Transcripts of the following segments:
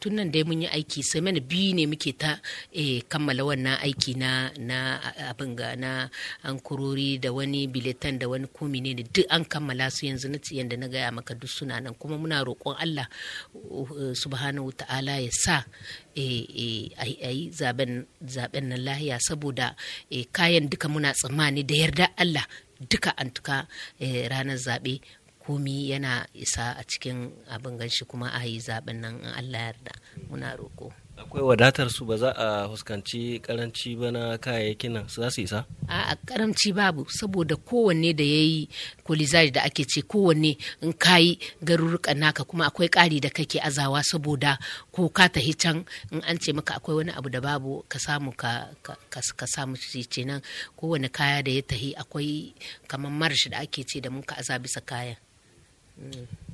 tun nan dai mun yi aiki sai mana biyu ne muke ta eh, kammala wannan aiki na abin ga na an kurori da wani biletan da wani komi ne duk an kammala su yanzu na yanda na gaya maka duk suna nan kuma muna roƙon Allah eh, subhanahu ta'ala ya sa eh, a yi zaben nan lahiya saboda kayan duka muna tsammani da yarda Allah duka an tuka ranar zaɓe komi yana isa a cikin abin ganshi kuma a yi zaben nan in Allah yarda muna roko akwai wadatar su ba za a fuskanci karanci ba na kayayyakin nan su za su isa a karamci babu saboda kowanne da ya yi kolizari da ake ce kowanne in kayi garuruka naka kuma akwai ƙari da kake azawa saboda ko ka tahi can in an ce maka akwai wani abu da babu ka samu ka ka samu shi nan kowane kaya da ya tahi akwai kamar marashi da ake ce da mun ka aza bisa kayan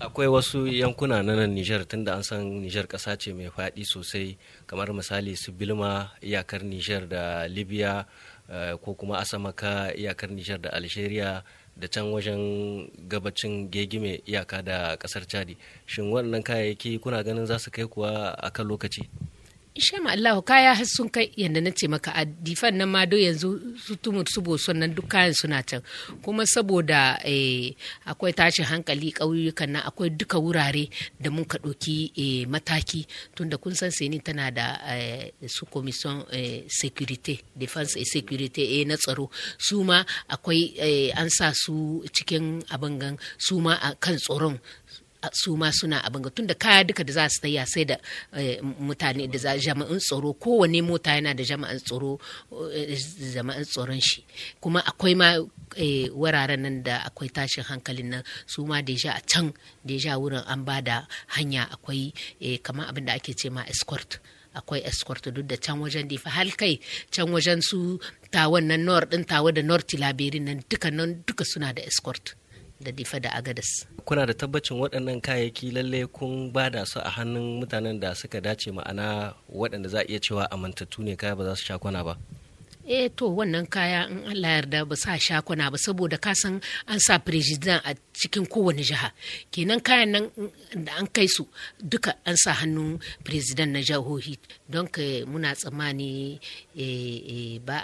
akwai wasu yankuna na nan nijar tunda an san nijar kasa ce mai faɗi sosai kamar misali su bilma iyakar nijar da libya eh, ko kuma asamaka iyakar nijar da algeria da can wajen gabacin gegime iyaka da ƙasar chadi shin waɗannan kayayyaki kuna ganin za su kai kuwa a kan lokaci Ishe ma Allah kaya har sun kai yadda na ce maka a difan nan ma do yanzu su tumu su boson nan duk kayan suna can kuma saboda eh, akwai tashin hankali ƙauyukan nan akwai duka wurare da mun ka ɗauki eh, mataki tunda kun san ni tana da eh, su commission security defense et security na tsaro su ma akwai an sa su cikin abin gan su ma a kan tsoron su ma suna abin ga tunda kaya duka da za su tsaya sai da eh, mutane da jama'in tsaro kowane mota yana da jama'in tsaro eh, jama'in tsaron shi kuma akwai ma eh, wararen nan da akwai tashin hankalin nan su ma deja a can deja wurin an ba da hanya akwai kamar abin da ake ce ma escort akwai escort duk da can wajen difa hal kai can wajen su tawon nan nor din tawo da nor tilaberi nan duka nan duka suna da escort da difa da agadas kuna da tabbacin waɗannan kayayyaki lalle kun ba da su a hannun mutanen da suka dace ma'ana waɗanda za a iya cewa amintattu ne kaya ba za su sha kwana ba eh to wannan kaya in Allah yarda ba sa sha kwana ba saboda ka san an sa president a cikin kowane jiha kenan kayan nan da an kai su duka an sa hannun president na jihohi don ka muna tsammani eh, eh, ba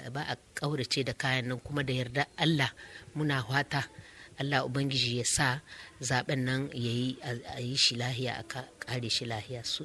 a kaurace da kayan nan kuma da yarda Allah muna hata allah ubangiji ya sa zaben nan ya yi shi lahiya a kare shi lahiya